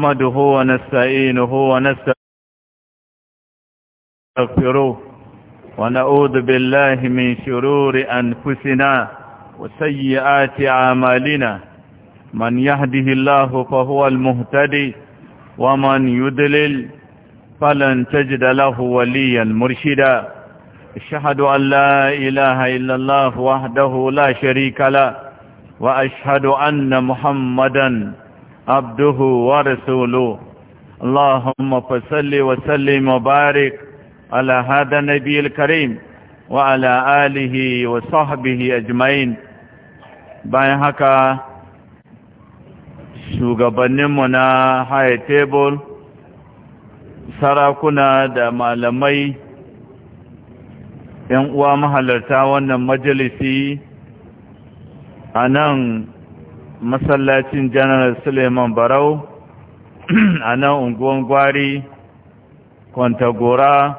نحمده ونستعينه ونستغفره ونعوذ بالله من شرور أنفسنا وسيئات أعمالنا من يهده الله فهو المهتدي ومن يدلل فلن تجد له وليا مرشدا اشهد أن لا إله إلا الله وحده لا شريك له وأشهد أن محمداً عبده ورسوله اللهم فصل وسلم وبارك على هذا النبي الكريم وعلى آله وصحبه أجمعين bayan haka shugabanninmu na high table sarakuna da malamai yan uwa mahalarta wannan majalisi a nan masallacin janar suleiman barau a nan unguwan gwari kwantagora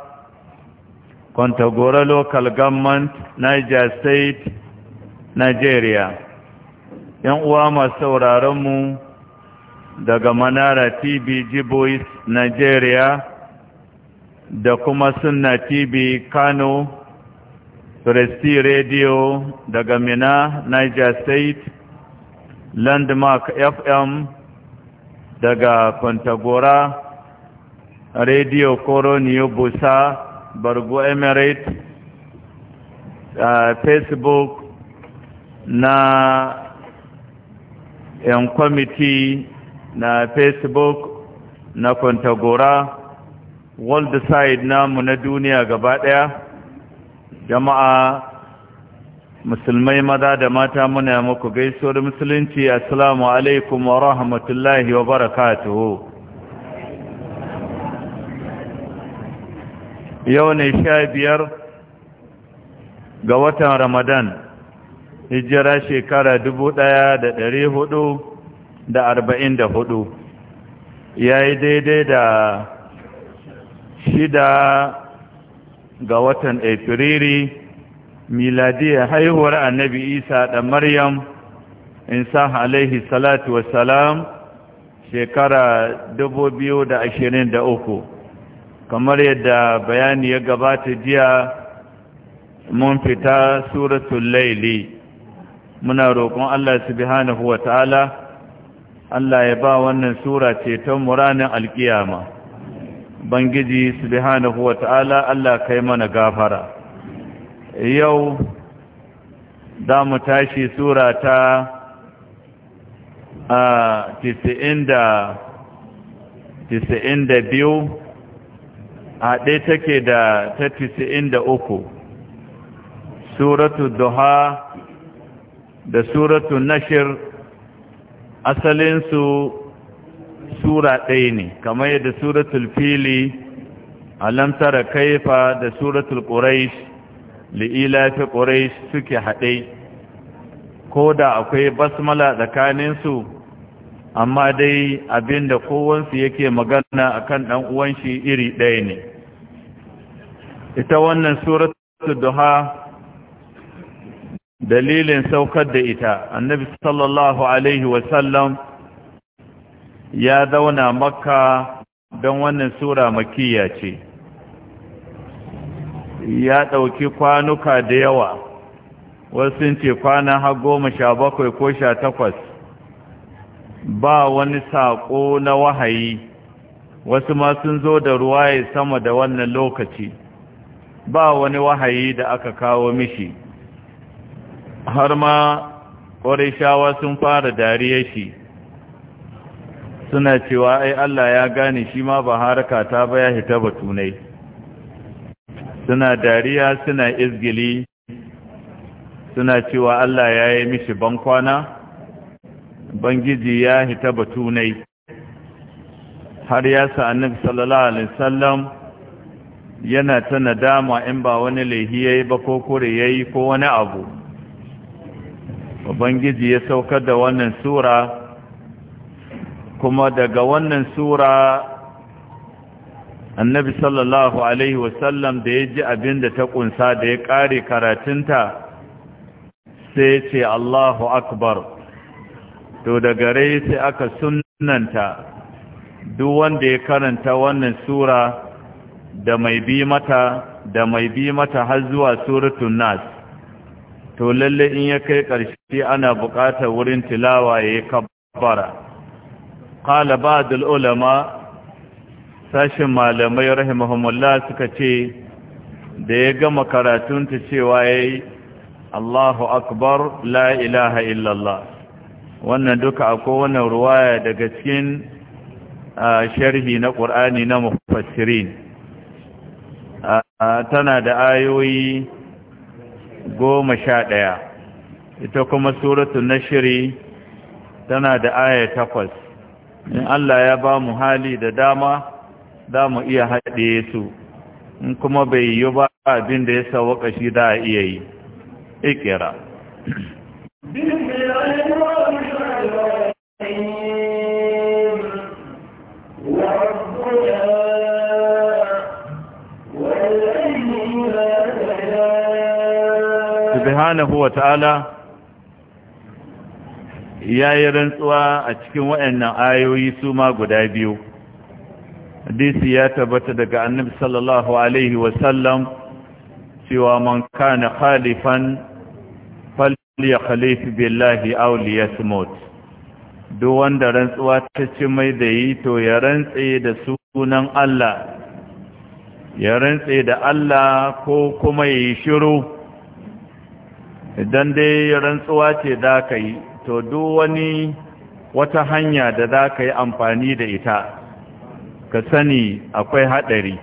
kwantagora local government niger state nigeria yan uwa masu sauraronmu daga manara tv jibois nigeria da kuma sunna tv kano presti radio daga mina niger state landmark fm daga kwantagora radio koroniyo busa bargo emirate uh, facebook na yan kwamiti na facebook na kwantagora world side namu na duniya gaba daya jama'a musulmai maza da mata muna muku gaisuwar musulunci assalamu alaikum wa rahmatullahi wa barakatuhu yau ne sha biyar ga watan ramadan hijira shekara dubu ɗaya da ɗari hudu da arba'in da huɗu ya yi daidai da shida ga watan afiriri miladiyar haihuwar annabi isa da maryam insa alaihi salatu wassalam shekara 2023 kamar yadda bayani ya gabata jiya mun fita suratul laili muna roƙon Allah subhanahu wa ta'ala Allah ya ba wannan sura ceton muranin alkiyama bangiji subhanahu wa ta'ala Allah kai mana gafara yau za mu tashi sura ta a biyu take da ta da uku suratu duha da suratu nashir asalinsu sura ɗaya ne kamar yadda suratul fili alamtara kaifa da suratul ƙuraishi li'ilafi ƙurai suke haɗe ko da akwai basmala tsakaninsu amma dai abinda kowansu yake magana a kan ɗan'uwanshi iri ɗaya ne ita wannan suratu duha dalilin saukar da ita annabi sallallahu alaihi wasallam ya zauna makka don wannan sura makiyya ce ya ɗauki kwanuka da yawa wasu ce kwana har goma sha bakwai ko sha takwas ba wani saƙo na wahayi wasu ma sun zo da ruwaye sama da wannan lokaci ba wani wahayi da aka kawo mishi har ma ƙwarishawa sun fara dariya shi suna cewa ai Allah ya gane shi ma ba haraka ta ba ya hita batunai suna dariya suna izgili suna cewa Allah ya yi mishi bankwana bangiji ya hita batunai har ya sa annabi sallallahu alaihi wasallam yana ta nadama in ba wani lehi yayi ba ko kure yayi ko wani abu bangiji ya saukar da wannan sura kuma daga wannan sura annabi sallallahu alaihi wasallam da ya ji abin da ta kunsa da ya ƙare karatunta sai ce Allahu akbar to da gare sai aka sunanta duk wanda ya karanta wannan sura da mai bi mata da mai bi mata har zuwa suratul nas to lalle in ya kai ƙarshe ana buƙatar wurin tilawa ya kabbara qala ba'd ulama Sashen malamai rahimahumullah suka ce da ya gama karatunta cewa ya yi Allahu akbar la ilaha illallah wannan duka akwai wannan ruwaya daga cikin sharhi na ƙur'ani na mufassirin tana da ayoyi goma sha ɗaya ita kuma suratun shiri tana da aya takwas in Allah ya ba mu hali da dama za mu iya haɗe su in kuma bai yi ba abin da ya sawaka shi da a iya yi ikira subhanahu wa ta'ala ya yi rantsuwa a cikin waɗannan ayoyi su ma guda biyu hadisi ya tabbata daga annabi sallallahu alaihi wasallam cewa man kana khalifan khalifi billahi aw liyasmut duk wanda rantsuwa ta ci mai da yi to ya rantse da sunan Allah ya rantse da Allah ko kuma ya yi shiru idan dai rantsuwa ce da ka yi to duk wani wata hanya da za ka yi amfani da ita ka sani akwai haɗari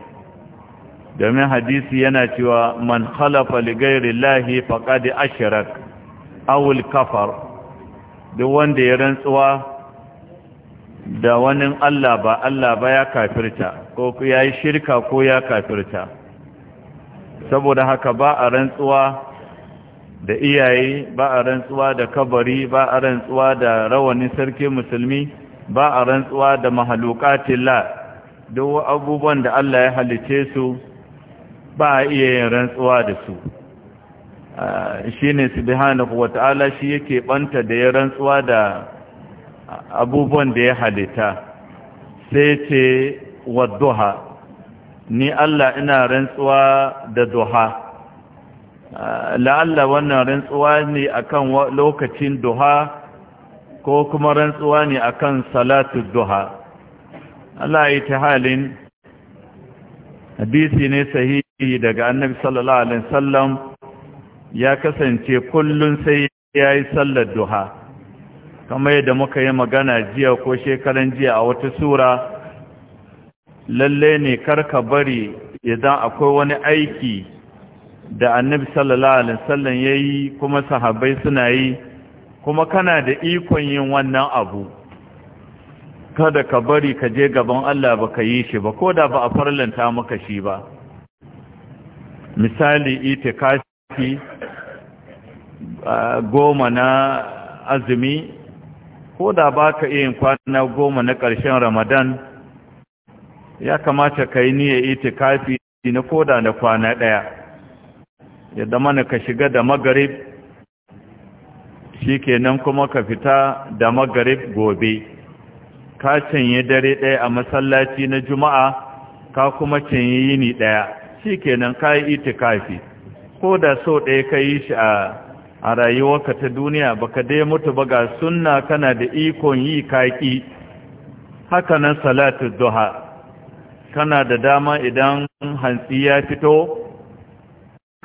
domin hadisi yana cewa man khalafa li ghairi llahi faqad kafar duk wanda ya rantsuwa da wani Allah ba Allah ba ya kafirta ko ya yi shirka ko ya kafirta saboda haka ba a rantsuwa da iyaye ba a rantsuwa da kabari ba a rantsuwa da rawanin sarki musulmi ba a rantsuwa da mahalukatillah duk abubuwan da Allah ya halice su ba a iya yin rantsuwa da su ah, shi ne subhanahu wata'ala shi yake banta da ya rantsuwa da abubuwan da ya halita sai ce wa duha ni Allah ina rantsuwa da duha ah, la'alla wannan rantsuwa ne akan lokacin duha ko kuma rantsuwa ne akan salatu duha Allah ya ta halin hadisi ne sahihi daga annabi sallallahu alaihi wasallam ya kasance kullun sai ya yi sallar duha kamar yadda muka yi magana jiya ko shekaran jiya a wata sura lalle ne karka bari idan akwai wani aiki da annabi sallallahu alaihi wasallam yayi kuma sahabbai suna yi kuma kana da ikon yin wannan abu kada ka bari ka je gaban Allah ba ka yi shi ba ko da ba a farlanta maka shi ba misali kashi goma na azumi ko da ba ka iya kwana goma na ƙarshen ramadan ya kamata ka yi niyyar itikafi na koda na kwana ɗaya yadda mana ka shiga da magarib shi kenan kuma ka fita da magarib gobe ka canye dare ɗaya a masallaci na juma'a ka kuma canye yini ɗaya shi kenan ka yi itikafi ko da sau ɗaya ka yi shi a rayuwarka ta duniya baka dai mutu ba ga sunna kana da ikon yi kaƙi. haka nan salatu duha kana da dama idan hantsi ya fito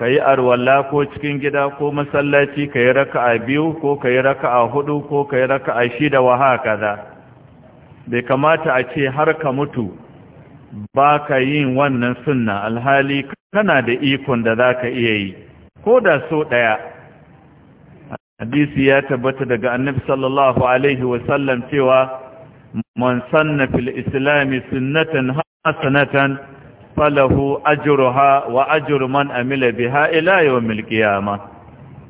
ka yi arwalla ko cikin gida ko masallaci ka yi raka a biyu ko ka yi raka a hudu ko ka yi raka raka'a shida wa haka bai kamata a ce har ka mutu ba ka yin wannan sunna alhali kana da ikon da za ka iya yi ko da so ɗaya hadisi ya tabbata daga annabi sallallahu alaihi wasallam cewa man sanna fil islami sunnatan hasanatan falahu ajruha wa ajru man amila biha ila yawmil qiyamah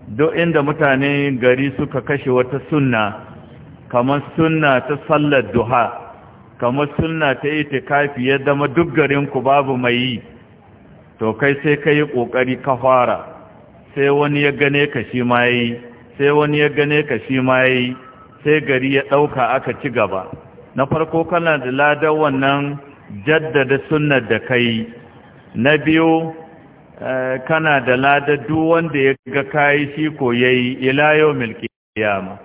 duk inda mutane gari suka kashe wata sunna kamar sunna ta sallar duha kamar sunna ta tikafi ya zama duk garin ku babu mai yi to kai sai ka yi ƙoƙari ka fara sai wani ya gane ka shi ma yi sai wani ya gane ka shi ma yi sai gari ya ɗauka aka ci gaba na farko kana da ladar wannan jaddada sunnar da kai na biyu eh, kana da ladar duk wanda ya ga kayi shi ko yayi ila yau milki kiyama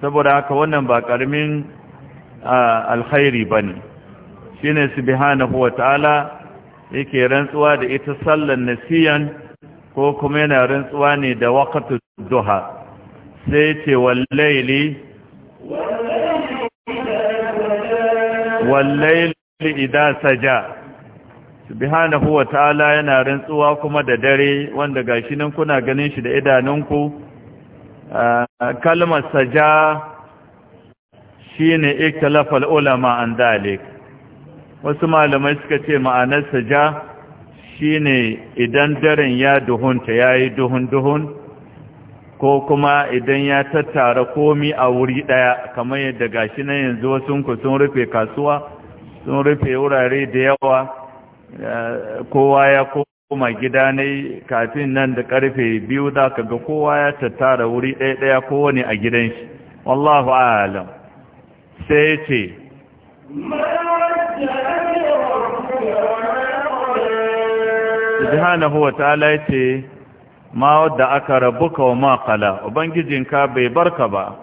saboda haka wannan ba ƙaramin alkhairi ba ne shi ne subhanahu wa ta'ala yake rantsuwa da ita sallar nasiyan ko kuma yana rantsuwa ne da wakatu duha sai ce wallaili wallaili idan saja subhanahu wa ta'ala yana rantsuwa kuma da dare wanda gashi nan kuna ganin shi da idanunku Eh, kalmar saja shi ne ikilafal ulama an dalik wasu malamai suka ce ma'anar saja shi ne idan daren ya duhunta ya yi duhun-duhun ko kuma idan ya tattara komi a wuri ɗaya kamar yadda gashi na yanzu wasunku sun rufe kasuwa sun rufe wurare da yawa eh, kowa ya kuma gida ne kafin nan da karfe biyu za ka ga kowa ya tattara wuri ɗaya-ɗaya kowane a gidan shi wallahu alam sai ce subhanahu wa ta'ala ce ma wadda aka rabuka wa ma qala ubangijinka bai barka ba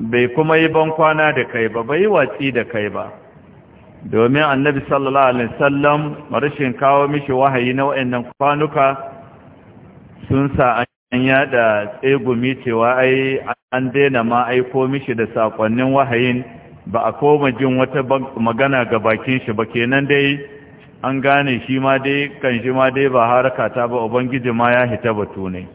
bai kuma yi ban kwana da kai ba bai watsi da kai ba domin annabi sallallahu alaihi wasallam rashin kawo mishi wahayi na wayannan kwanuka sun sa an yada tsegumi cewa ai an daina ma aiko mishi da sakonnin wahayin ba a koma jin wata magana ga bakin shi ba kenan dai an gane shi ma dai kan shi ma dai ba haraka ta ba ubangiji ma ya hita batu ne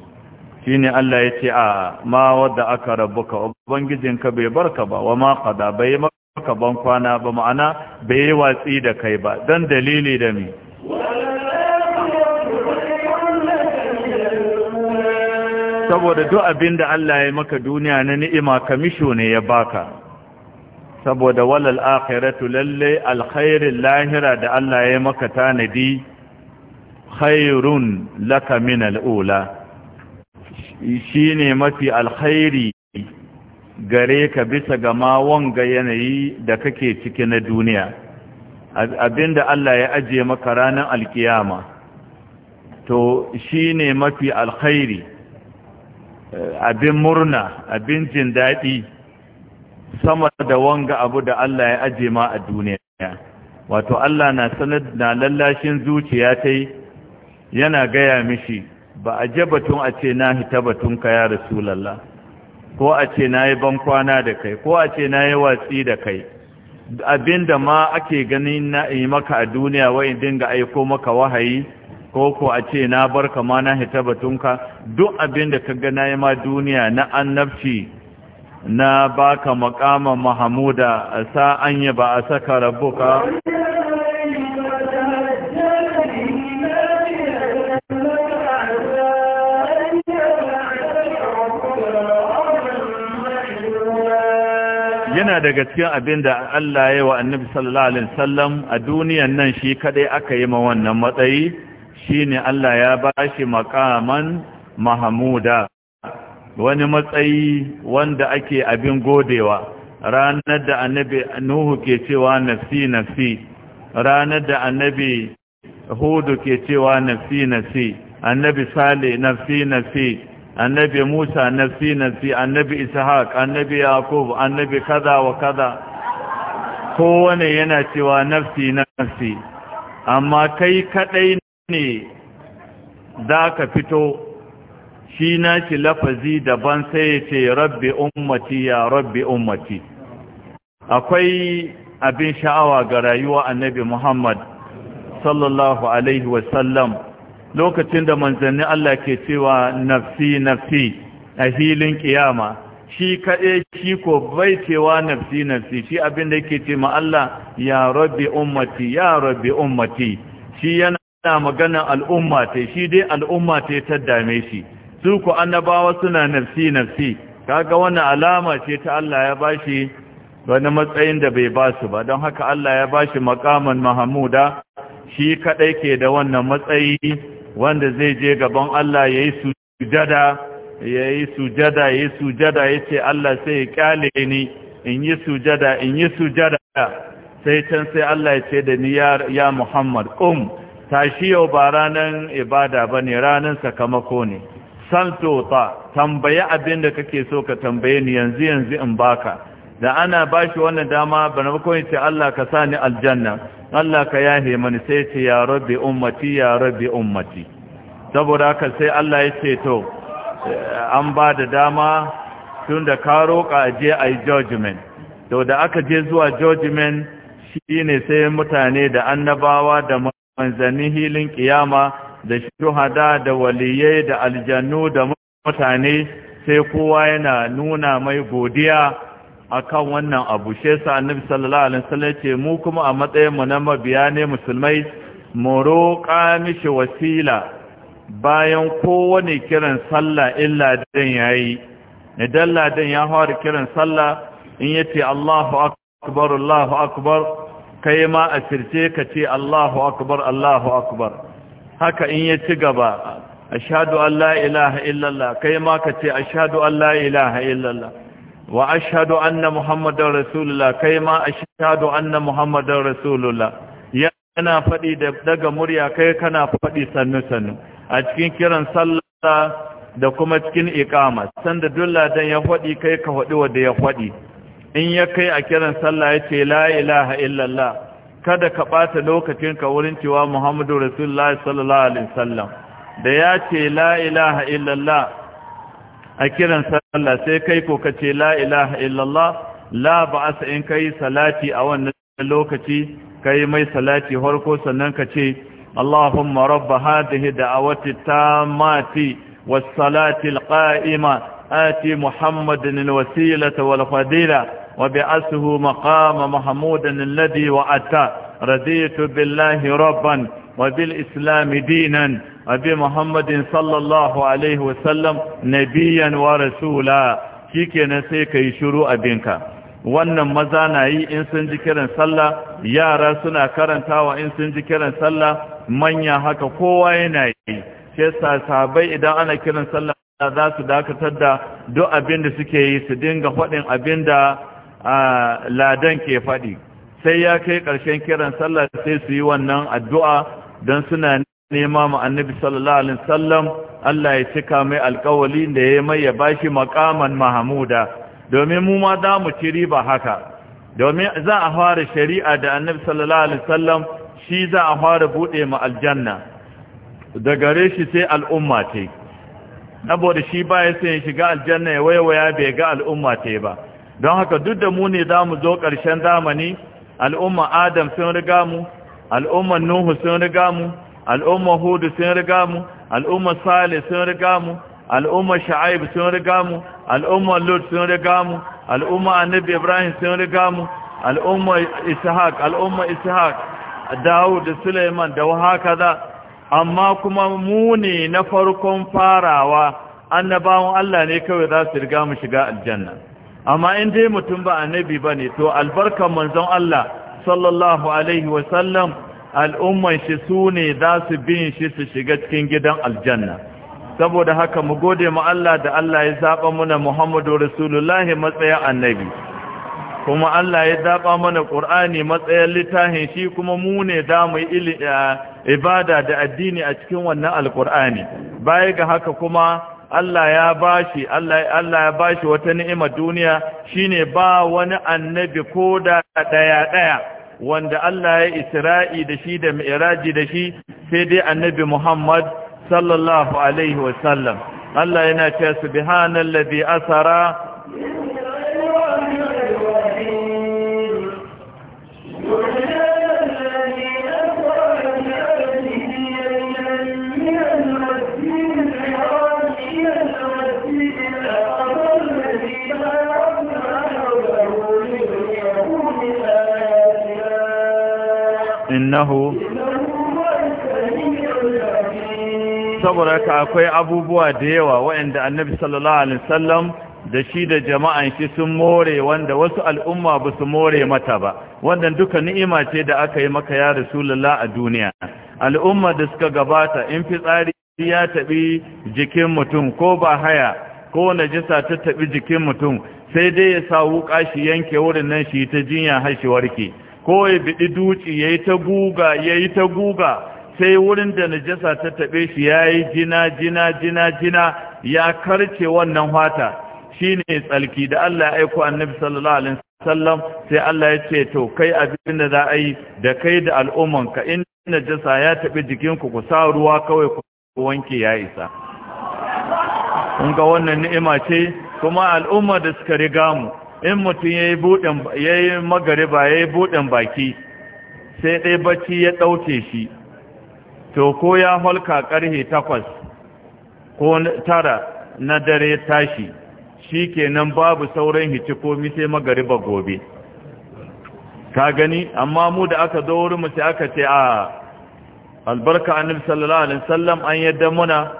shine Allah ya ce a ma wadda aka rabuka ubangijinka bai barka ba wa ma qada bai ka ban kwana ba ma'ana bai yi watsi da kai ba don dalili da mi saboda duk abin da Allah ya maka duniya na ni'ima kamisho ne ya baka saboda walal akhiratu lalle alkhairin lahira da Allah ya maka tanadi khairun laka min al'ula shine mafi alkhairi gare ka bisa ga ma wanga yanayi da kake ciki na duniya abinda Allah ya ajiye maka ranar alkiyama to shi ne mafi alkhairi abin murna abin jin daɗi sama da wanga abu da Allah ya ajiye ma a duniya wato Allah na sanar na lallashin zuciya ta yana gaya mishi ba a jabatun a ce na hita batunka ya rasulallah ko a ce na yi bankwana da kai ko a ce na yi watsi da kai abinda ma ake ganin na yi maka a duniya wai dinga aiko maka wahayi ko ko a ce na bar ma na hita batunka duk abinda ka ga na yi ma duniya na annabci na baka makama mahamuda sa anya ba a saka rabuka daga cikin abin da Allah ya yi wa annabi sallallahu alaihi wasallam a duniyan nan shi kadai aka yi ma wannan matsayi shine Allah ya ba shi maqaman mahmuda wani matsayi wanda ake abin godewa ranar da annabi Nuhu ke cewa nafsi nafsi ranar da annabi Hudu ke cewa nafsi nafsi annabi Salih nafsi nafsi annabi Musa nafsi nafsi annabi Ishaq annabi Yaqub annabi kaza wa kaza kowane yana cewa nafsi nafsi amma kai kadai ne zaka fito shi naci lafazi daban sai ce rabbi ummati ya rabbi ummati akwai abin sha'awa ga rayuwa annabi Muhammad sallallahu alaihi sallam. lokacin da manzanni Allah ke cewa nafsi nafsi a hilin kiyama shi kaɗe shi ko bai cewa nafsi nafsi shi abin da yake ce ma Allah ya rabbi ummati ya rabbi ummati shi yana maganan al'umma ta shi dai al'umma ta ta dame shi su ku annabawa suna nafsi nafsi kaga wannan alama ce ta Allah ya bashi wani matsayin da bai basu ba don haka Allah ya bashi makaman Mahmuda shi kaɗai ke da wannan matsayi wanda zai je gaban Allah ya yi sujada ya yi sujada ya yi sujada ya ce Allah sai ya kyale ni in yi sujada in yi sujada sai can sai Allah ya ce da ni ya Muhammad um tashi yau ba ranar ibada ba ne ranar sakamako ne ta tota, tambaye abin da kake so ka tambaye ni yanzu yanzu in baka da ana ba shi wannan dama bana makon ce Allah ka sa ni aljanna Allah ka yahe mani sai ce ya rabbi ummati ya rabbi ummati saboda haka sai Allah ya ce to an ba da dama tun da ka roƙa je a judgment to da aka je zuwa judgment shine sai mutane da annabawa da manzanni hilin kiyama da shuhada da waliyai da aljannu da mutane sai kowa yana nuna mai godiya akan wannan abu shi yasa annabi sallallahu alaihi wasallam ce mu kuma a matsayin mu na mabiya ne musulmai mu roƙa mishi wasila bayan kowane kiran sallah illa dan yayi idan ladan ya fara kiran sallah in yace Allahu akbar Allahu akbar kai ma a sirce ka ce Allahu akbar Allahu akbar haka in ya ci gaba ashhadu an la ilaha illallah kai ma ka ce ashhadu an la ilaha illallah وأشهد أن محمد رسول الله كيما أشهد أن محمد رسول الله yana faɗi daga murya kai kana faɗi sannu-sannu a cikin kiran sallah da kuma cikin ikama sanda dulla dan ya fadi kai ka fadi wanda ya fadi. in ya kai a kiran sallah yace la ilaha illallah kada ka bata lokacin ka wurin cewa muhammadu rasulullah sallallahu alaihi wasallam da ya ce la ilaha illallah a kiran sallah sai kai ko ka ce la ilaha illallah la ba'asa in kai salati a wannan lokaci kai mai salati harko sannan ka ce Allahumma rabba hadhihi da'awati tammati was salati alqa'ima ati Muhammadan wasilata wal fadila wa bi'asuhu maqama mahmudan alladhi wa'ata raditu billahi rabban wa bil islam dinan abi muhammadin sallallahu alaihi wasallam nabiyan wa rasula shikenan sai kai shiru abinka wannan maza na yi in sun ji kiran sallah yara suna karantawa in sun ji kiran sallah manya haka kowa yana yi sai sahabbai idan ana kiran sallah za su dakatar da duk abin da suke yi su dinga faɗin abin da ladan ke faɗi sai ya kai ƙarshen kiran sallah sai su yi wannan addu'a don suna nema ma annabi sallallahu alaihi wasallam Allah ya cika mai alƙawali da ya mai ya bashi makaman mahmuda domin mu ma da mu ci riba haka domin za a fara shari'a da annabi sallallahu alaihi wasallam shi za a fara bude ma aljanna da gare shi sai al'umma ce saboda shi ba ya sai shiga aljanna ya waiwaya bai ga al'umma ce ba don haka duk da mu ne za mu zo ƙarshen zamani al'umma adam sun riga mu al'umman nuhu sun riga mu al'umma hudu sun riga mu al'umma sale sun riga mu al'umma sha'aib sun riga mu al'umma lut sun riga mu al'umma annabi ibrahim sun riga mu al'umma ishaq al'umma ishaq dawud da suleiman da haka da amma kuma mu ne na farkon farawa annabawan Allah ne kawai za su riga mu shiga aljanna amma in dai mutum ba annabi bane to albarkar manzon Allah sallallahu alaihi wasallam al'umman shi su ne za su bin shi su shiga cikin gidan aljanna saboda haka mu gode mu Allah da Allah ya zaba muna Muhammadu Rasulullahi matsayin annabi kuma Allah ya zaba mana ƙur'ani matsayin littafin shi kuma mu ne da mu ibada da addini a cikin wannan alƙur'ani, baya ga haka kuma Allah ya ba shi Allah ya bashi wata ni'ima duniya shine ba wani annabi ko da ɗaya-ɗaya. wanda Allah ya isra'i da shi da mi'raji da shi sai dai annabi Muhammad sallallahu alaihi wasallam Allah yana cewa subhanallazi asara innahu saboda akwai abubuwa da yawa waɗanda annabi sallallahu alaihi wasallam da shi da jama'an shi sun more wanda wasu al'umma ba su more mata ba wannan duka ni'ima ce da aka yi maka ya rasulullah a duniya al'umma da suka gabata in fitsari ya tabi jikin mutum ko ba haya ko najisa ta tabi jikin mutum sai dai ya sa wuka shi yanke wurin nan shi ta jinya har shi warke ko ya biɗi duci ya yi ta guga ya ta guga sai wurin da najasa ta taɓe shi ya yi jina jina jina jina ya karce wannan fata ne tsalki da Allah ya aiko annabi sallallahu alaihi sallam sai Allah ya ce to kai abin da za a yi da kai da al'umman ka. in najasa ya taɓe jikinku ku sa ruwa kawai ku wanke ya isa kun ga wannan ni'ima ce kuma al'umma da suka riga mu in mutum ya yi buɗin ya yi magariba ya yi buɗin baki sai ɗai bacci ya ɗauke shi to ko ya holka ƙarhe takwas ko tara na dare tashi shi kenan babu sauran hici komi sai magariba gobe ka gani amma mu da aka zo wurin mu sai aka ce a albarka annabi sallallahu alaihi wasallam an yadda muna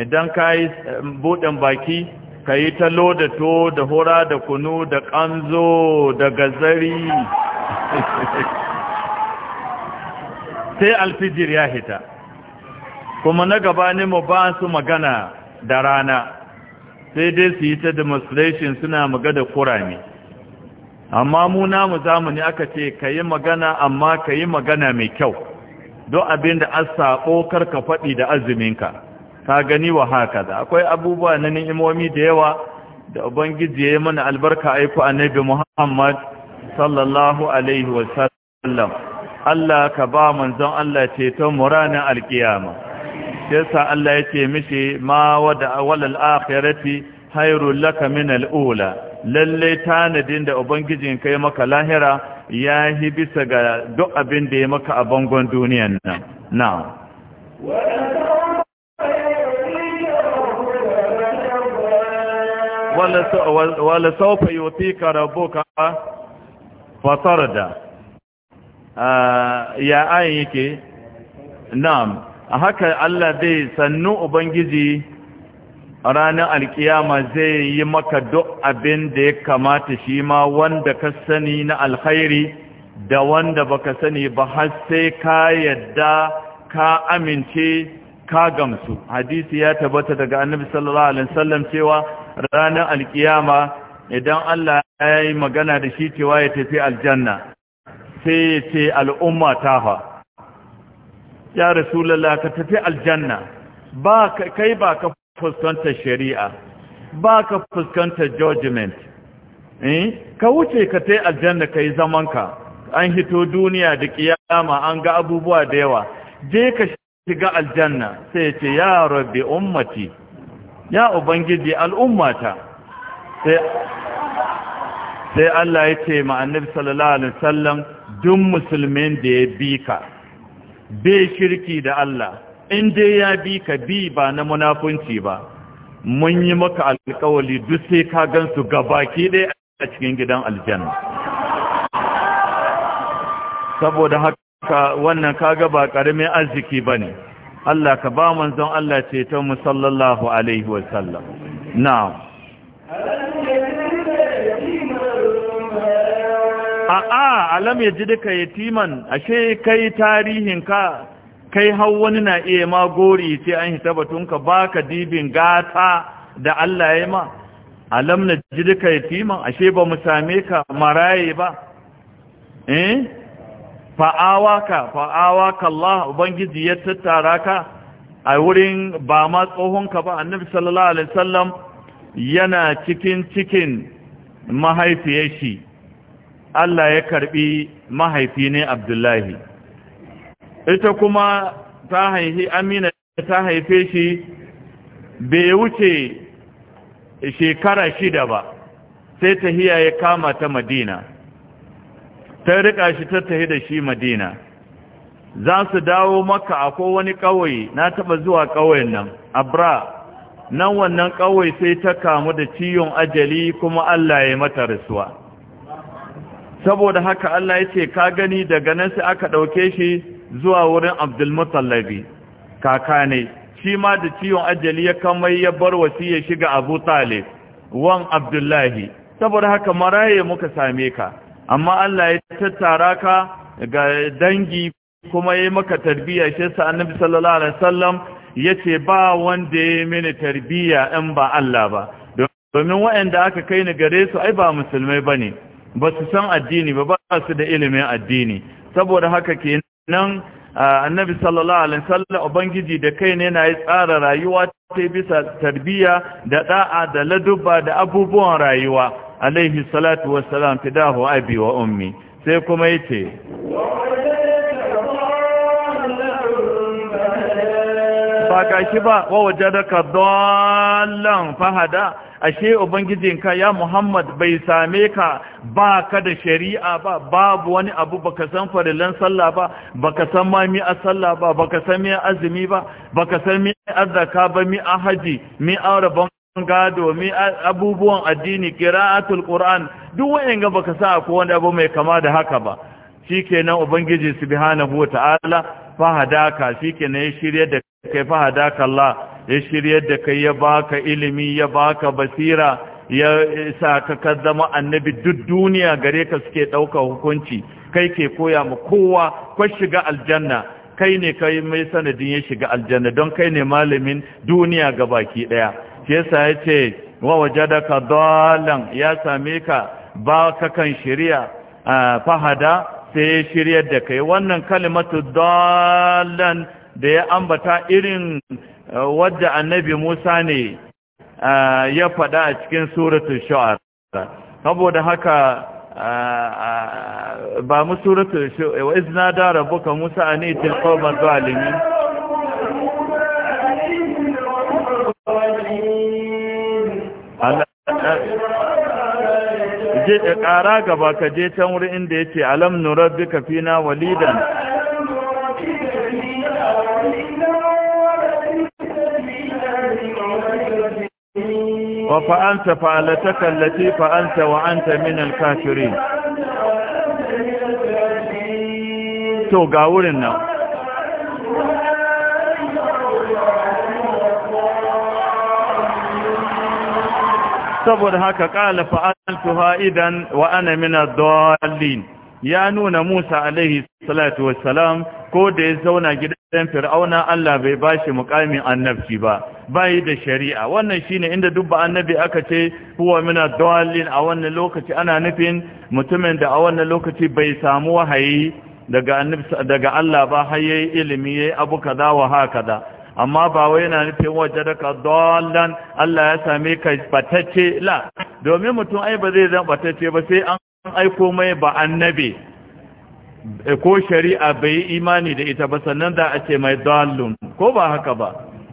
idan kai eh, buɗin baki ka yi talo da to da hura da kunu da ƙanzo da gazari sai alfijir ya hita kuma na gaba ne mu ba su magana da rana sai dai su yi ta demonstration suna maga da kurame amma mu namu zamani aka ce ka yi magana amma ka yi magana mai kyau don abin da an saɓo karka faɗi da azuminka ka gani wa haka da akwai abubuwa na ni'imomi da yawa da ubangiji ya yi mana albarka aiko annabi muhammad sallallahu alaihi wasallam Allah ka ba manzon Allah ceton mu ranar alkiyama yasa Allah ya ce mishi ma wada walal akhirati hayrul laka min alula lalle tanadin da ubangijin kai maka lahira yahi bisa ga duk abin da ya maka a bangon duniyan nan na'am wala saufa yutika rabbuka fatarda ah, ya ayin yake na'am haka Allah zai sannu ubangiji ranar alkiyama zai yi maka duk abin da ya kamata shi ma wanda ka sani na alkhairi da wanda baka sani ba har sai ka yadda ka amince ka gamsu hadisi ya tabbata daga annabi sallallahu alaihi wasallam cewa ranar alkiyama idan Allah ya yi magana da shi cewa ya tafi aljanna sai ya ce al'umma ta fa ya rasulallah ka tafi aljanna kai ba ka fuskantar shari'a ba ka fuskantar judgment eh, ka wuce ka tai aljanna ka yi zamanka an hito duniya da kiyama an ga abubuwa da yawa je ka shiga aljanna sai ya ce ya rabbi ummati ya ubangiji al'ummata sai Allah ya ce ma annabi sallallahu alaihi wasallam duk musulmin da ya bi ka bai shirki da Allah in dai ya bi ka bi ba na munafunci ba mun yi maka alƙawari duk sai ka gansu gabaki ɗaya a cikin gidan aljanna saboda haka wannan kaga ba karamin arziki bane Allah ka ba manzon Allah ceton mu sallallahu alaihi wasallam na'am a'a alam ya ji duka yatiman ashe kai tarihin ka kai hau wani na iya ma gori sai an hita ka baka dibin gata da Allah ya ma alam na ji duka yatiman ashe ba mu same ka maraye ba eh fa'awaka fa'awaka Allah ubangiji ya tattara ka a wurin ba ma tsohonka ba annabi sallallahu alaihi wasallam yana cikin cikin mahaifiyar shi Allah ya karbi mahaifi ne Abdullahi ita kuma ta haifi Amina ta haife shi bai wuce shekara shida ba sai ta hiyaye kama ta Madina ta rika shi ta da shi madina za su dawo maka akwai wani ƙauye na taɓa zuwa ƙauyen nan abra nan wannan ƙauye sai ta kamu da ciyon ajali kuma allah ya mata rasuwa saboda haka allah ya ce ka gani daga nan sai aka ɗauke shi zuwa wurin abdulmutallabi kaka ne shi ma da ciyon ajali ya kamai ya bar ya shiga abu talib wan abdullahi saboda haka maraye muka same ka amma Allah ya tattara ka ga dangi kuma ya maka tarbiyya shi yasa annabi sallallahu alaihi wasallam yace ba wanda ya mini tarbiyya in ba Allah ba domin waɗanda aka kai ni gare su ai ba musulmai bane ba su san addini ba ba su da ilimin addini saboda haka kenan annabi sallallahu alaihi wasallam ubangiji da kai ne na yi tsara rayuwa ta bisa tarbiyya da da'a da ladubba da abubuwan rayuwa alaihi salatu wassalam fidahu abi wa ummi sai kuma yace ba shi ba wa wajadaka dallan fahada ashe ubangijinka ya Muhammad bai same ka ba ka da shari'a ba babu wani abu baka san farilan sallah ba baka san ma mi a sallah ba baka san mi azumi ba baka san mi azzaka ba mi ahaji mi a ga domin abubuwan addini qira'atul qur'an duk wayanga baka sa ko wanda abu mai kama da haka ba shikenan ubangiji subhanahu wataala fahadaka shikenan ya shirye da kai fahadaka Allah ya shirye da kai ya baka ilimi ya baka basira ya sa ka ka zama annabi duk duniya gare ka suke dauka hukunci kai ke koya ma kowa ko shiga aljanna kai ne kai mai sanadin ya shiga aljanna don kai ne malamin duniya gabaki daya yasa ya ce wa wajadaka dalan ya same ka ba ka kan shirya fahada sai ya shiryar da kai wannan kalimatu dalan da ya ambata irin wadda annabi Musa ne ya fada a cikin suratul sha'ar saboda haka ba mu suratul sha'ar wa izna da ka Musa ne alqawma zalimin ƙara gaba ka je can wuri inda ya ce alam nurabbika fina walidan wa fa'anta fa'alataka allati fa'anta wa anta min al-kafirin to ga wurin nan saboda haka qala fa'altuha idan wa ana min ad ya nuna Musa alaihi salatu wassalam ko da ya zauna gidan Fir'auna Allah bai bashi mukamin annabci ba bai da shari'a wannan shine inda dubba annabi aka ce huwa mina ad a wannan lokaci ana nufin mutumin da a wannan lokaci bai samu wahayi daga daga Allah ba har yayi ilimi yayi abu kaza wa hakaza amma ba wai yana nufin wajen ka dolan Allah ya same ka batacce la domin mutum ai ba zai zan batacce ba sai an aiko mai ba annabi eh, ko shari'a bai imani da ita ba sannan da a ce mai dolan ko ba haka ba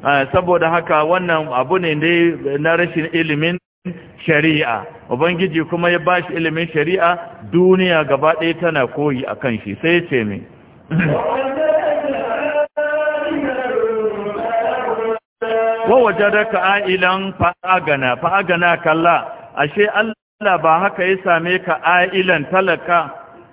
eh, saboda haka wannan abu ne na rashin ilimin shari'a ubangiji kuma ya bashi ilimin shari'a duniya gaba ɗaya tana koyi akan shi sai ce mai wawajadaka ailan fa'agana fa'agana kalla ashe Allah ba haka ya same ka ailan talaka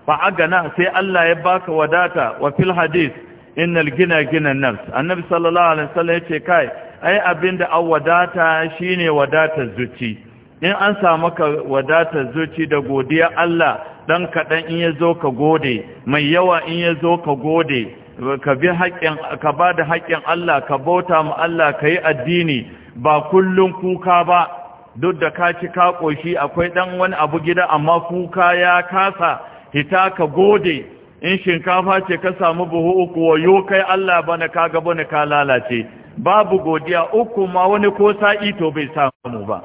fa'agana sai Allah ya baka wadata wa fil hadith innal gina gina nafs annabi sallallahu alaihi wasallam yace kai ai abinda an wadata shine wadatar zuci in an samu ka wadatar zuci da godiya Allah dan kaɗan in yazo ka gode mai yawa in yazo ka gode ka bi haƙƙin ka ba da haƙƙin Allah ka bauta mu Allah ka yi addini ba kullum kuka ba duk da ka ci ka ƙoshi akwai ɗan wani abu gida amma kuka ya kasa hita ka gode in shinkafa ce ka samu buhu uku wayo kai Allah bana ka ga bana ka lalace babu godiya uku ma wani ko sa'i to bai samu ba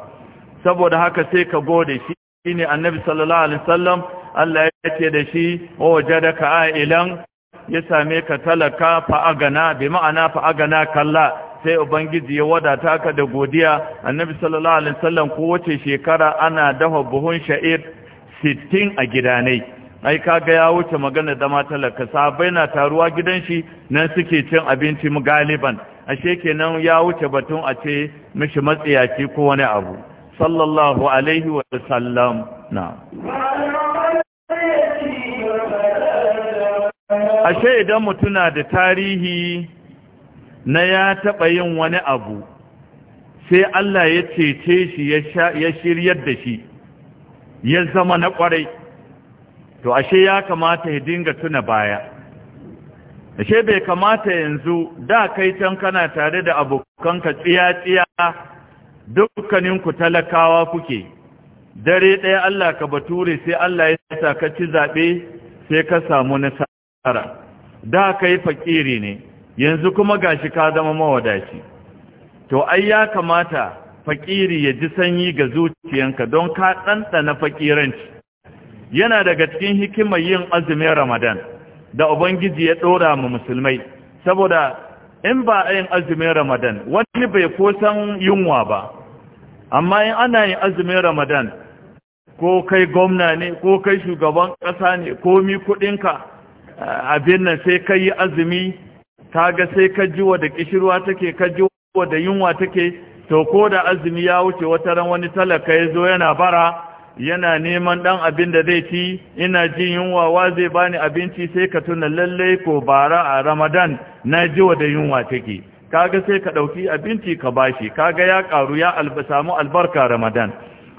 saboda haka sai ka gode shi ne annabi sallallahu alaihi wasallam Allah ya ce da shi wa wajadaka ailan ya same ka talaka fa'agana bi ma'ana fa'agana kalla sai ubangiji ya wadata ka da godiya annabi sallallahu alaihi wasallam wace shekara ana dafa buhun sha'ir 60 a gidanai ai kaga ya wuce magana da ma talaka sahabbai na taruwa gidan shi nan suke cin abinci mu galiban ashe kenan ya wuce batun a ce mishi matsiyaci ko wani abu sallallahu alaihi wa sallam na ashe idan mutuna da tarihi na ya taɓa yin wani abu sai Allah ya cece shi ya shiryar da shi ya zama na ƙwarai to ashe ya kamata ya dinga tuna baya ashe bai kamata yanzu da kai can kana tare da abokanka tsiya-tsiya dukkaninku talakawa kuke dare ɗaya Allah ka bature sai Allah ya sa ka ci zaɓe sai ka samu nasara tara da kai fakiri ne yanzu kuma gashi ka zama mawadaci to ai ya kamata fakiri ya ji sanyi ga zuciyanka don ka ɗanɗana fakiranci yana daga cikin hikimar yin azumin ramadan da ubangiji ya ɗora mu musulmai saboda in ba a yin azumin ramadan wani bai kosan yunwa ba amma in ana yin azumin ramadan ko kai gwamna ne ko kai shugaban ƙasa ne komi kuɗinka abin nan sai ka yi azumi ga sai ka jiwa da kishirwa take ka jiwa da yunwa take to ko da azumi ya wuce wata ran wani talaka ya zo yana bara yana neman ɗan abin da zai ci ina jin yunwa wa zai bani abinci sai ka tuna lallai ko bara a ramadan na jiwa da yunwa take kaga sai ka ɗauki abinci ka bashi kaga ya ƙaru ya samu albarka ramadan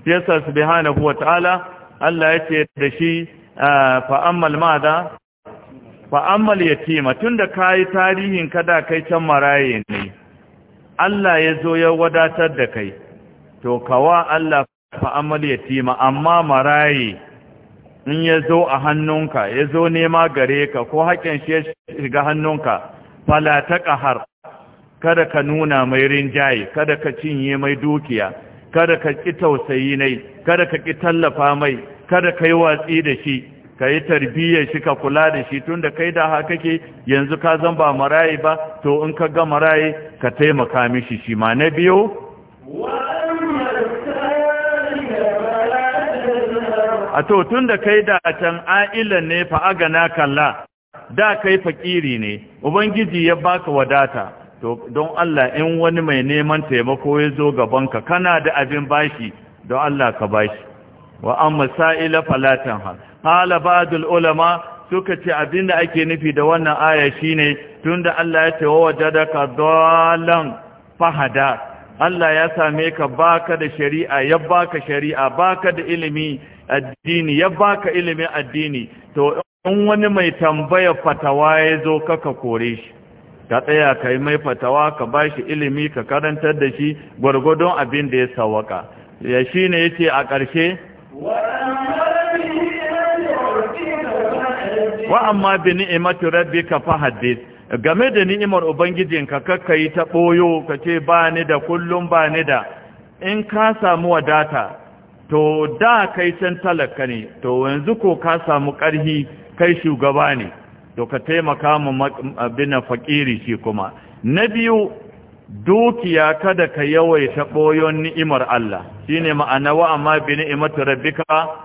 yasa subhanahu wa ta'ala Allah ya ce da shi ah, fa'ammal fa'ammal yatima tun da ka yi tarihin kada kai can maraye ne Allah ya zo ya wadatar da kai to kawa Allah fa'ammal yatima amma maraye in ya zo a hannunka ya zo nema gare ka ko haƙin shi ya shiga hannunka fala ta ƙahar kada ka nuna mai rinjaye kada ka cinye mai dukiya kada ka ƙi tausayi nai kada ka ƙi tallafa mai kada ka yi watsi da shi ka yi tarbiyyar shi ka kula da shi tun da kai da haka ke, yanzu ka zan ba marayi ba to in ka ga marayi ka taimaka mishi shi ma na biyu a to tun da kai da can a'ilan ne na kalla da kai fakiri ne ubangiji ya baka wadata to don Allah in wani mai neman taimako ya zo gaban ka kana da abin bashi don Allah ka bashi wa amma sa'ila falatan hal qala ba'dul ulama suka ce abinda ake nufi da wannan aya shine tunda Allah ya ce wa wajadaka dallan fahada Allah ya same ka baka da shari'a ya baka shari'a baka da ilimi addini ya baka ilimin addini to in wani mai tambaya fatawa ya zo kaka kore shi ka tsaya ka yi mai fatawa ka ba shi ilimi ka karantar da shi gwargwadon abin da ya sawaka ya shi ne ya ce a ƙarshe wa amma bi ni'imati rabbika hadith game da ni'imar ubangijin ka yi ta boyo kace ba ni da kullum ba ni da in ka samu wadata to da kai san talaka ne to yanzu ko ka samu karhi kai shugaba ne to ka taimaka mu abin fakiri shi kuma na biyu dukiya kada ka yawaita boyon ni'imar Allah shine ma'ana wa amma bi ni'imati rabbika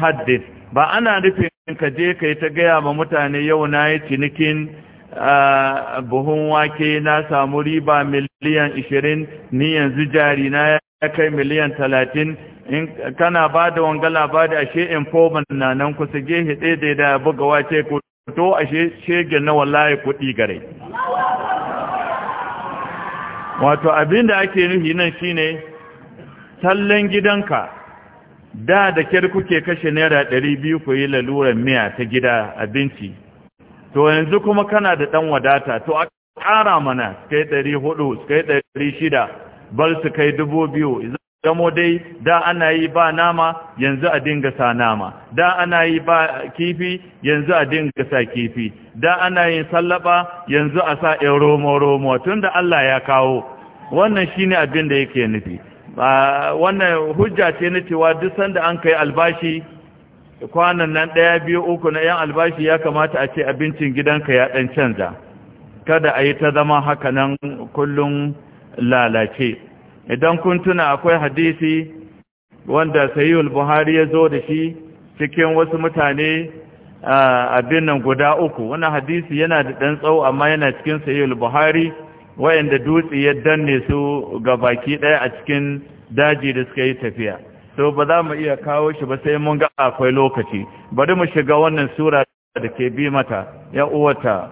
hadith ba ana nufin ka je kai ta gaya ba mutane yau na yi cinikin buhun wake na samu riba miliyan 20 ni yanzu jari na ya kai miliyan 30 in kana ba da wanga labari ashe informant na nan kusa gehe daidai da buga wace ko to ashe shege na wallahi kuɗi gare wato abin da ake nufi nan shine tallan gidanka da da kyar kuke kashe naira ɗari biyu ku yi laluran miya ta gida abinci to yanzu kuma kana da ɗan wadata to a ƙara mana su kai ɗari hudu su kai ɗari shida bal su kai dubu biyu zamo dai da ana yi ba nama yanzu a dinga sa nama da ana yi ba kifi yanzu a dinga sa kifi da ana yin sallaba yanzu a sa ɗin romo-romo tun da Allah ya kawo wannan shine abin da yake nufi wannan hujja ce na cewa duk sanda an kai albashi kwanan nan ɗaya biyu uku na yan albashi ya kamata a ce abincin gidanka ya ɗan canza kada a yi ta zama haka nan kullum lalace idan kun tuna akwai hadisi wanda sayyul buhari ya zo da shi cikin wasu mutane abin nan guda uku wani hadisi yana da ɗan tsawo amma yana cikin sayyul buhari wayanda dutse ya danne su ga baki ɗaya a cikin daji da suka yi tafiya to ba za mu iya kawo shi ba sai mun ga akwai lokaci bari mu shiga wannan sura da ke bi mata ya uwata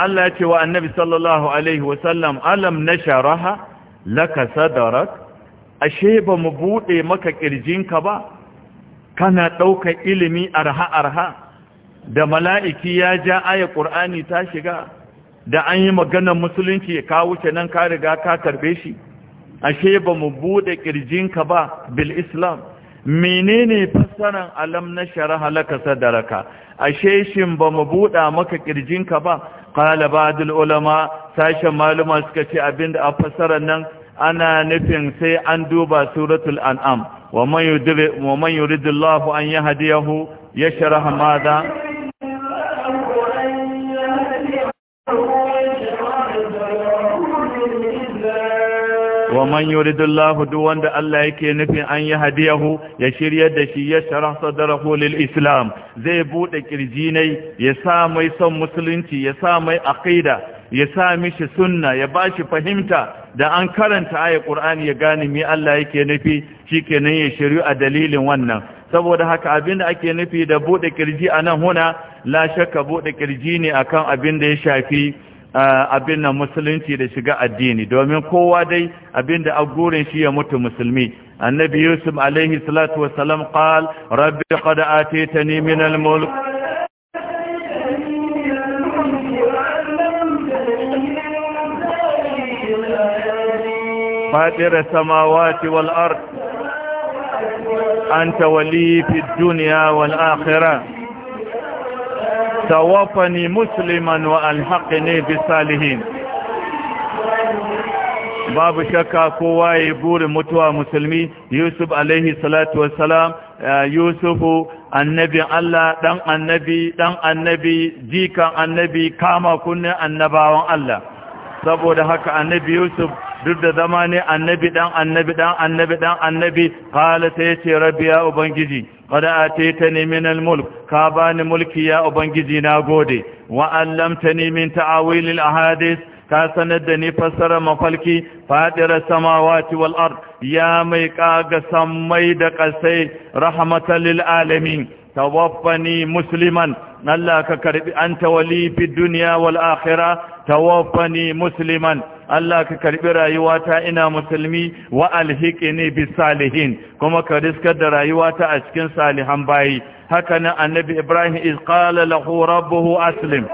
Allah ya ce wa annabi sallallahu alaihi wasallam alam na sharaha laka sadarak ashe ba mu buɗe maka ƙirjinka ba kana ɗaukar ilimi arha-arha da mala'iki ya ja aya ƙur'ani ta shiga da an yi maganar musulunci ya kawo ce nan ka riga ka karbe shi ashe ba mu buɗe ƙirjinka ba bil islam menene fassaran alam na sharaha laka sadaraka ashe shin ba mu buɗa maka ƙirjinka ba qala ba'dul ulama sashen maluma suka ce abinda a fassarar nan ana nufin sai an duba suratul an'am wa man yuridu Allahu an yahdiyahu yashrah madha wa man yuridullahu duk wanda Allah yake nufin an yi hadiyahu ya shirya da shi ya sharah sadarahu lil islam zai bude kirji ne ya sa mai son musulunci ya sa mai aqida ya sa mishi sunna ya bashi fahimta da an karanta ayat qur'ani ya gane mi Allah yake nufi shikenan ya shiryu a dalilin wannan saboda haka abinda ake nufi da bude kirji anan huna la shakka bude kirji ne akan abin da ya shafi abin nan musulunci da shiga addini domin kowa dai abin da agurin shi ya mutu musulmi annabi yusuf alaihi salatu wassalam qal rabbi qad atitani min al-mulk فاطر السماوات والأرض أنت ولي في الدنيا والآخرة wa مسلما والحقني بالصالحين babu shakka kowa ya burin mutuwa musulmi yusuf alaihi salatu wassalam yusufu annabin Allah dan annabi dan annabi jikan annabi kama kunnen annabawan Allah saboda haka annabi yusuf duk da zama ne annabi dan annabi dan annabi dan annabi kala ta yace rabbi ya ubangiji kada atita ni min almulk ka bani mulki ya ubangiji na gode wa allamtani min ta'awil alahadith ka sanar da ni fassara mafalki fadira samawati wal ard ya mai kaga sammai da kasai rahmatan lil alamin tawaffani musliman Allah ka karbi anta wali fi dunya wal akhirah tawaffani musliman Allah ka karbi rayuwata ina musulmi wa alhiqini bis salihin kuma ka riskar da rayuwata a cikin salihan bayi haka nan annabi Ibrahim iz qala lahu rabbuhu aslim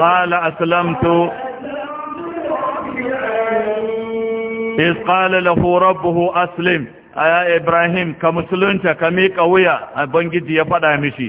qala aslamtu iz qala lahu rabbuhu aslim aya Ibrahim ka musulunta ka mika wuya bangiji ya faɗa mishi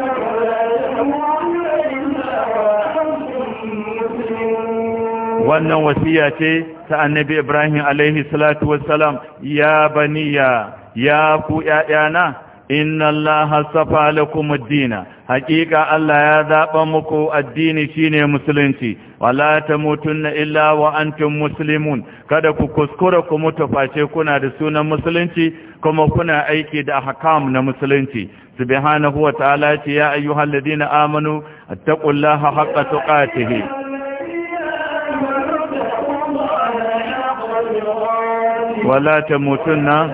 wannan wasiya ce ta annabi ibrahim alaihi salatu wassalam ya baniya ya ku ƴaƴana inna Allah safa lakum ad-dina haqiqa allah ya zaba muku addini shine musulunci wala tamutunna illa wa antum muslimun kada ku kuskura ku mutu kuna da sunan musulunci kuma kuna aiki da ahkam na musulunci subhanahu wa ta'ala ya ayyuhalladhina amanu attaqullaha haqqa tuqatih wala ta mutunna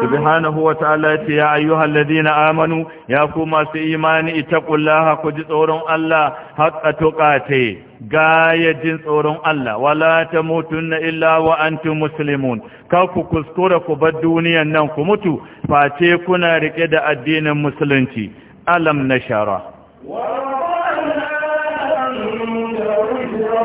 subhanahu wa ta'ala ya ayyuhal ladina amanu ya ku masu imani itaqullaha ku ji tsoron Allah haqqa tuqati gaya jin tsoron Allah wala ta mutunna illa wa antum muslimun ka ku kuskura ku bar duniyan nan ku mutu face kuna riƙe da addinin musulunci alam nashara wow.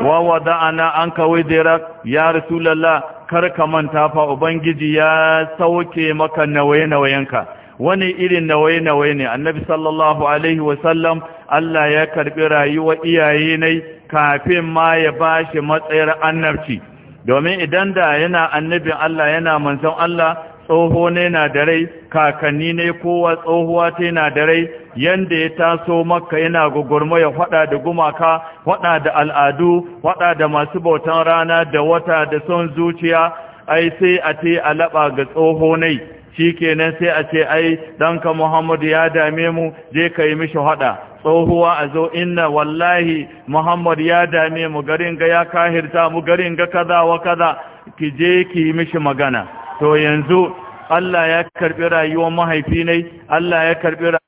wa wada'ana anka yara, ya rasulullah kar ka manta fa ubangiji ya sauke maka nawaye-nawayenka wani irin nawaye-nawaye ne annabi sallallahu alaihi wasallam Allah ya karbi rayuwa iyaye ne kafin ma ya bashi matsayar annabci domin idan da yana annabin Allah yana manzon Allah tsoho ne na da rai kakanni ne kowa tsohuwa ta na da rai yanda ya taso makka yana gugurma ya da gumaka faɗa da al'adu faɗa da masu bautan rana da wata da son zuciya ai sai a ce a laba ga tsoho nai shikenan sai a ce ai danka Muhammad ya dame mu je kai mishi faɗa. tsohuwa a zo inna wallahi Muhammad ya dame mu garin ga ya kahirta mu garin ga kaza wa kaza ki je ki mishi magana to yanzu Allah ya karbi rayuwar mahaifi ne Allah ya karbi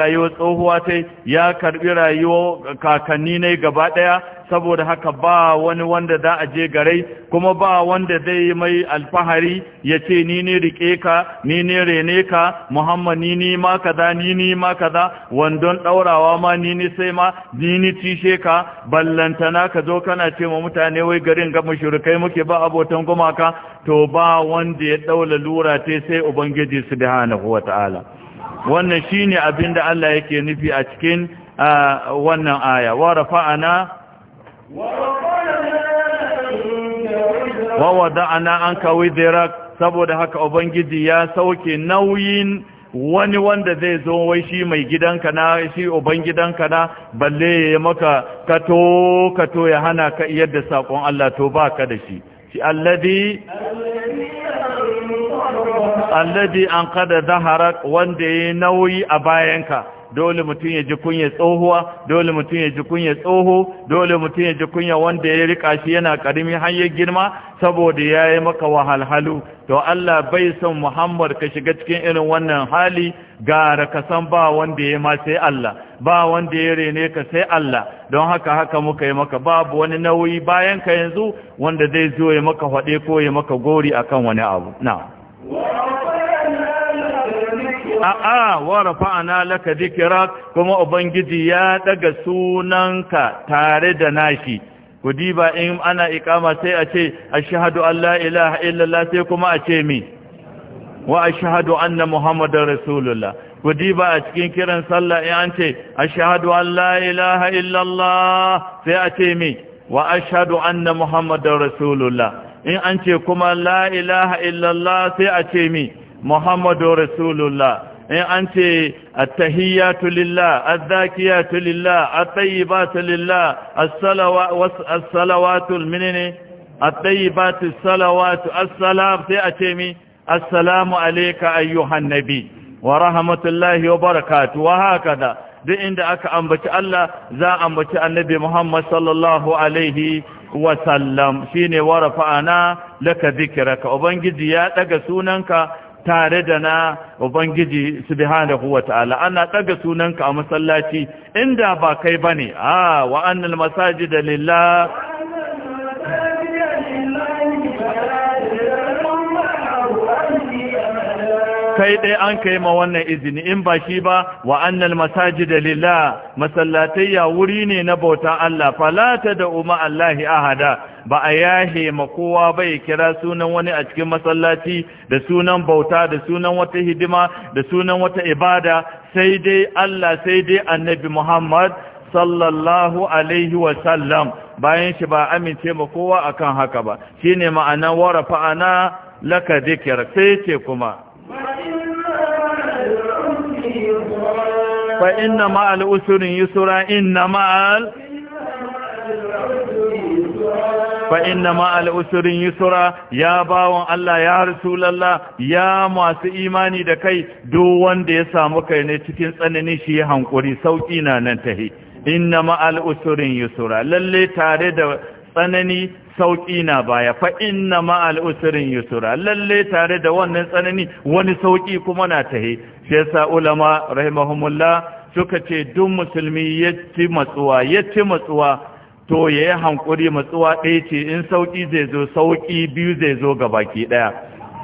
rayuwar tsohuwa ta ya karbi rayuwa kakanni ne gaba daya saboda haka ba wani wanda za a je gare kuma ba wanda zai yi mai alfahari ya ce ni ne rike ka ni ne rene ka muhammad ni ni ma kaza ni ni ma kaza wandon daurawa ma ni ni sai ma ni ni tishe ka ballantana ka zo kana ce ma mutane wai garin ga mushrikai muke ba abotan gumaka to ba wanda ya daula lura sai ubangiji subhanahu wataala wannan shine abin da Allah yake nufi a cikin wannan aya wa rafa'ana wa an kawai wizrak saboda haka ubangiji ya sauke nauyin wani wanda zai zo wai shi mai gidanka na shi ubangidanka na balle ya maka kato kato ya hana ka yadda sakon Allah to baka da shi shi alladhi alladhi an qada dhaharak wanda yayi nauyi a bayanka dole mutum ya ji kunya tsohuwa dole mutum ya ji kunya tsoho dole mutum ya ji kunya wanda ya rika shi yana karimi har ya girma saboda yayi maka wahalhalu to Allah bai son Muhammad ka shiga cikin irin wannan hali gara ka san ba wanda ya ma sai Allah ba wanda ya rene ka sai Allah don haka haka muka yi maka babu wani nauyi bayan ka yanzu wanda zai zo ya maka faɗe ko ya maka gori akan wani abu na'am a'a wa rafa'ana laka dhikra kuma ubangiji ya daga sunanka tare da nashi ku diba in ana ikama sai a ce a shahadu Allah ilaha illallah sai kuma a ce mi wa ashhadu anna Muhammadu rasulullah ku diba a cikin kiran sallah in an ce a shahadu Allah ilaha illallah sai a ce mi wa ashhadu anna Muhammadu rasulullah in an ce kuma la ilaha illallah sai a ce mi muhammadu rasulullah in an ce attahiyatu lillah tulillah a at-tayyibatu lillah as-salawatu minne at-tayyibatu salawatu as-salam sai a ce mi assalamu alayka ayyuhan nabi wa rahmatullahi wa barakatuh wa da duk inda aka ambaci Allah za a ambaci annabi Muhammad sallallahu alaihi wasallam shi ne wa rafa'ana laka zikiraka ubangiji ya daga sunanka tare da na ubangiji subhanahu wa ta'ala ana daga sunanka a masallaci inda ba kai bane 'a ah, wa annal masajida lillah kai dai an kai ma wannan izini in ba shi ba wa annal masajida lillah masallatai ya wuri ne na bautan Allah falata da umma Allahi ahada ba a yahe ma kowa bai kira sunan wani a cikin masallaci da sunan bauta da sunan wata hidima da sunan wata ibada sai dai Allah sai dai annabi Muhammad sallallahu alaihi sallam bayan shi ba amince ma kowa akan haka ba shine ma'ana warafa ana laka dhikr sai ce kuma fa inna ma'al usri yusra inna ma'al fa inna ma'al usri yusra ya bawon Allah ya rasulullah ya masu imani da kai duk wanda ya samu kai ne cikin tsananin shi hankuri sauki na nan tahi inna ma'al usri yusra lalle tare da tsanani sauƙi na baya fa inna ma'al usrin yusra lalle tare da wannan tsanani wani sauki kuma na tahe sai sa ulama rahimahumullah suka ce duk musulmi ya ci matsuwa ya ci matsuwa to ya yi hankuri matsuwa ɗaya ce in sauki zai zo sauƙi biyu zai zo ga baki ɗaya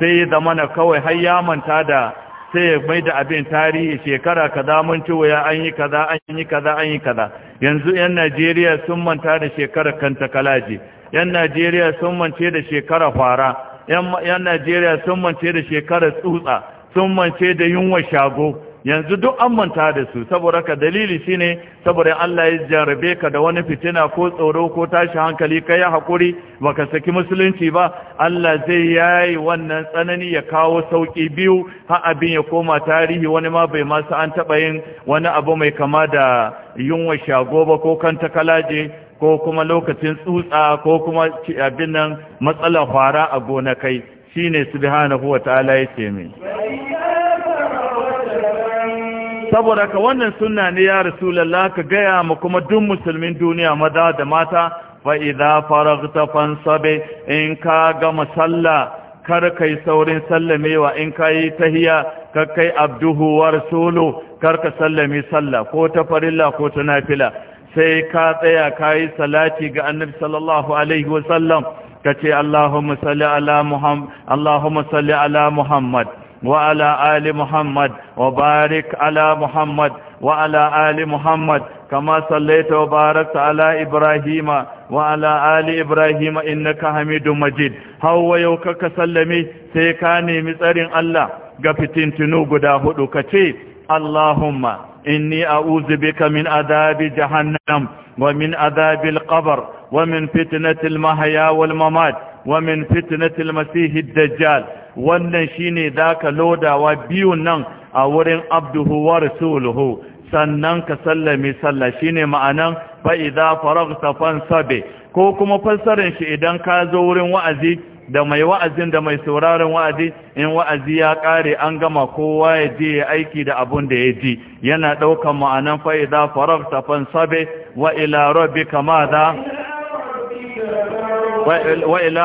sai ya zama na kawai har ya manta da sai ya mai da abin tarihi shekara kaza mun ci wuya an yi kaza an yi kaza an yi kaza yanzu 'yan najeriya sun manta da shekarar kanta kalaji 'yan najeriya sun mance da shekara fara 'yan najeriya sun mance da shekara tsutsa sun mance da yunwa shago yanzu duk an manta da su saboda ka dalili shine saboda Allah ya jarabe ka da wani fitina ko tsoro ko tashi hankali ka yi hakuri baka saki musulunci ba Allah zai yayi wannan tsanani ya kawo sauki biyu har abin ya koma tarihi wani ma bai ma an taba yin wani abu mai kama da yunwa shago ba ko kan takalaje ko kuma lokacin tsutsa ko kuma abin nan matsalar fara a gona kai, shine subhanahu wataala yake mai saboda ka wannan sunna ne ya rasulullah ka gaya mu kuma duk musulmin duniya maza da mata fa idza faraghta fansabe in ka gama sallah kar kai saurin sallamewa in kai tahiya kar kai abduhu wa rasulu kar ka sallami sallah ko ta farilla ko ta nafila sai ka tsaya ka yi salati ga annabi sallallahu alaihi wasallam ka ce Allahumma salli ala Muhammad Allahumma salli ala Muhammad wa ala ali Muhammad wa barik ala Muhammad wa ala ali Muhammad كما صليت وباركت على إبراهيم وعلى آل إبراهيم إنك حميد مجيد هو يوكك سلمي سيكاني مصر الله قفتين إني أعوذ بك من عذاب جهنم ومن عذاب القبر ومن فتنة المحيا والممات ومن فتنة المسيح الدجال wannan shine zaka lodawa biyu nan a wurin abduhu sannan ka sallame sallah shine ma'anan fa idza faraghta fansabe ko kuma fassarar shi idan ka zo wurin wa'azi da mai wa'azin da mai sauraron wa'azi in wa'azi ya ƙare an gama kowa ya je ya aiki da abun da ya ji yana ɗaukan ma'anan fa'ida farar tafan sabe wa ila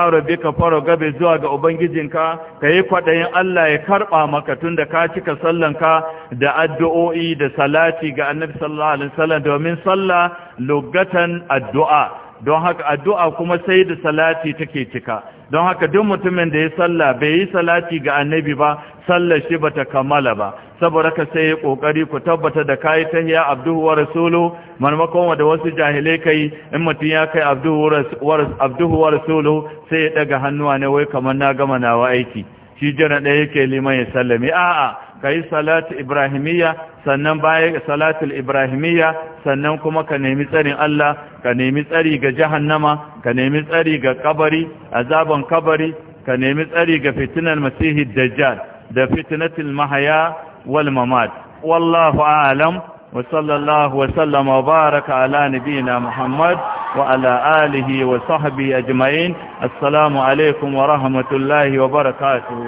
rabbika gabe zuwa ga ubangijinka Ka yi kwaɗayin Allah ya karɓa maka tunda ka cika sallanka da addu'o'i da salati ga annabi sallallahu alaihi wasallam domin sallah lugatan addu'a don haka addu'a kuma sai da salati take cika don haka duk mutumin da ya salla bai yi salati ga annabi ba sallar shi bata kammala ba saboda ka sai ya kokari ku tabbata da kai hiya abduhu wa rasulu manmakon wa da wasu jahilai kai in mutum ya kai abduhu wa rasulu sai ya daga hannuwa ne wai kamar na gama nawa aiki shi jana ɗaya yake liman ya sallame a'a yi salatu ibrahimiyya sannan baya salatul ibrahimiyya sannan kuma ka nemi tsarin Allah ka nemi tsari ga jahannama ka nemi tsari ga kabari azaban kabari ka nemi tsari ga fitinar masihi dajjal da fitnatul mahaya wal mamat wallahu a'lam wa sallallahu wa sallama wa baraka ala nabiyyina muhammad وعلى آله وصحبه أجمعين alaikum wa rahmatullahi wa barakatu.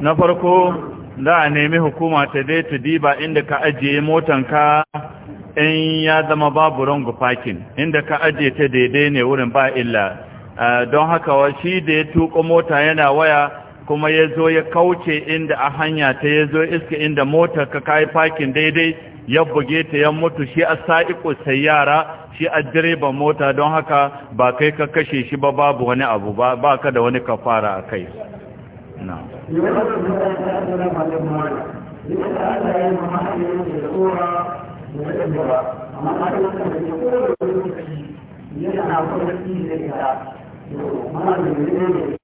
na farko za a nemi hukuma ta dai ta diba inda ka ajiye motanka in ya zama babu rangu fakin inda ka ajiye ta daidai ne wurin ba illa ah, don haka wa shi da ya tuko mota yana waya kuma ya zo ya kauce inda a hanya ta ya zo iska inda motar ka kayi fakin daidai ya buge ta ya mutu shi a sa'iko sai yara shi a direba mota don haka ba kai ka kashe shi ba babu wani abu ba ba ka da wani kafara a kai na yana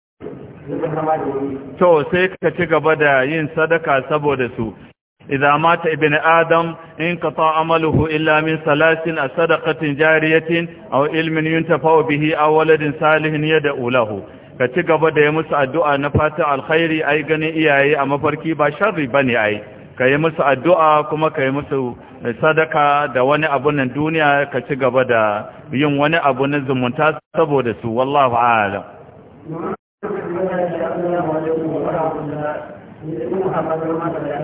to sai ka ci gaba da yin sadaka saboda su idza mata ibn adam in ta amaluhu illa min salasin sadaqatin jariyatin aw ilmin yuntafa bihi a waladin salihin yad'u lahu ka ci gaba da yi musu addu'a na fatan alkhairi ai ganin iyaye a mafarki ba sharri bane ai ka yi musu addu'a kuma ka yi musu sadaka da wani abu na duniya ka ci gaba da yin wani abu na zumunta saboda su wallahu a'lam Gracias.